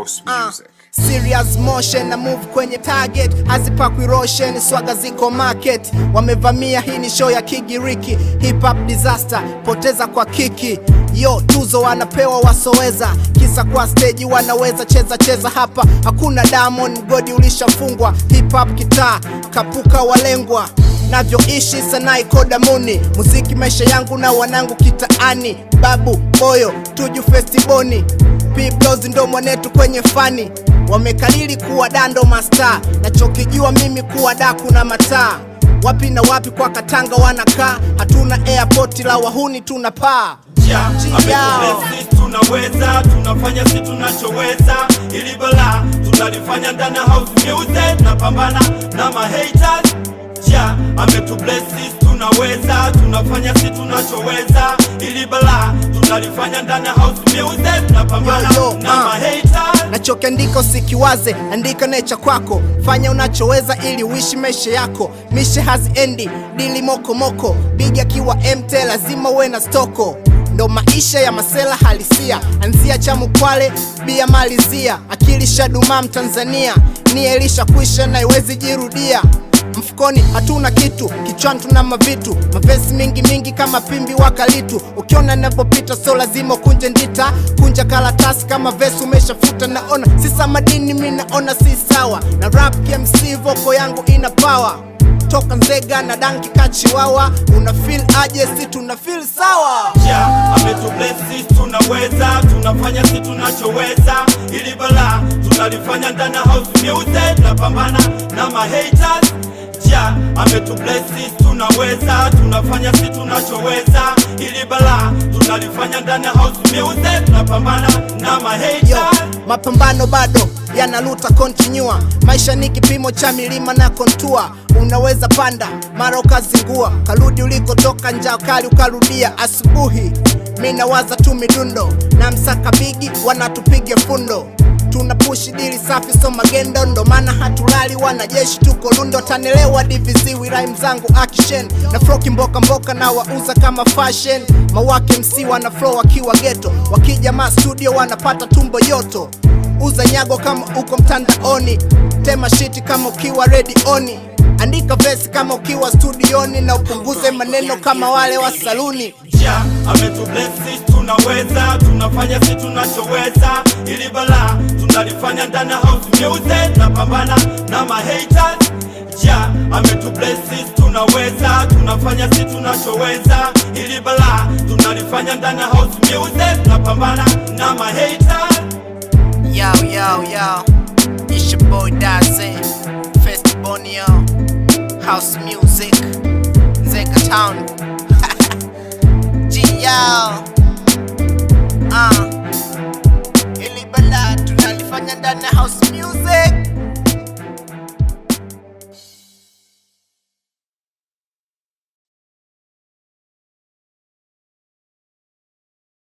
house ah, music. Uh. Serious motion na move kwenye target, hazipakwi roshen, swaga ziko market. Wamevamia, hii ni show ya Kigiriki, hip hop disaster, poteza kwa kiki. Yo, tuzo wanapewa wasoweza, kisa kwa stage wanaweza cheza cheza. Hapa hakuna Diamond, mgodi ulishafungwa. Hip hop kitaa kapuka, walengwa navyoishi sanaa iko muziki maisha yangu na wanangu kitaani, babu boyo tuju festiboni B Blows ndo mwanetu kwenye fani, wamekalili kuwa dando masta, nachokijua mimi kuwa daku na mataa. Wapi na wapi kwa Katanga wanakaa, hatuna airport la wahuni tunapaa tunaweza tunafanya si tunachoweza, ili bala tunalifanya ndani house music, napambana na mahaters Ja ametu bless, tunaweza tunafanya si tunachoweza, ili bala tunalifanya ndani ya house music, tunapambana na ah. mahater. usikiwaze, andika necha cha kwako, fanya unachoweza ili uishi maisha yako. Mishe haziendi dili mokomoko, bigi akiwa mt lazima uwe na stoko Ndo maisha ya masela halisia, anzia kwale bia malizia, akili shaduma Mtanzania, nia ilisha kwisha na iwezi jirudia mfukoni hatuna kitu, kichwani tuna mavitu, mavesi mingi mingi kama pimbi wa kalitu. Ukiona napopita sio lazima kunje ndita, kunja karatasi kama vesi umeshafuta. Naona sisa madini mi naona si sawa, na rap KMC voko yangu ina power toka Nzega na danki kachiwawa, una feel aje? Si tuna feel sawa yeah, ametublesi tunaweza, tunafanya si tunachoweza, ili bala tunalifanya ndani house music, tunapambana na mahaters kutupatia, ametublesi tunaweza, tunafanya si tunachoweza, ili bala tunalifanya ndani ya house music, tunapambana na maheja, mapambano bado yanaluta continue. Maisha ni kipimo cha milima na kontua, unaweza panda mara ukazingua, karudi ulikotoka, njaa kali ukarudia. Asubuhi nawaza tu midundo na msaka bigi wanatupiga fundo tunapushi dili safi, so magendo, ndo maana hatulali wanajeshi, tuko lundo, tanelewa diviziwi rhyme zangu action na flow kimboka mboka na wauza kama fashion mawake MC wana flow wakiwa ghetto, wakija ma studio wanapata tumbo joto. Uza nyago kama uko mtandaoni, tema shiti kama ukiwa redioni, andika vesi kama ukiwa studioni, na upunguze maneno kama wale wa saluni ametufikisha, ametublesi, tunaweza tunafanya si tunachoweza, ili bala tunalifanya ndani ya house music, napambana na ma haters ja ametublesi, tunaweza tunafanya si tunachoweza, ili bala tunalifanya ndani ya house music, napambana na ma haters yo yo yo, it's your boy Dazzy Fest Bonio house music Zeka Town yao uh. Ah. Ili balaa tunalifanya ndani house music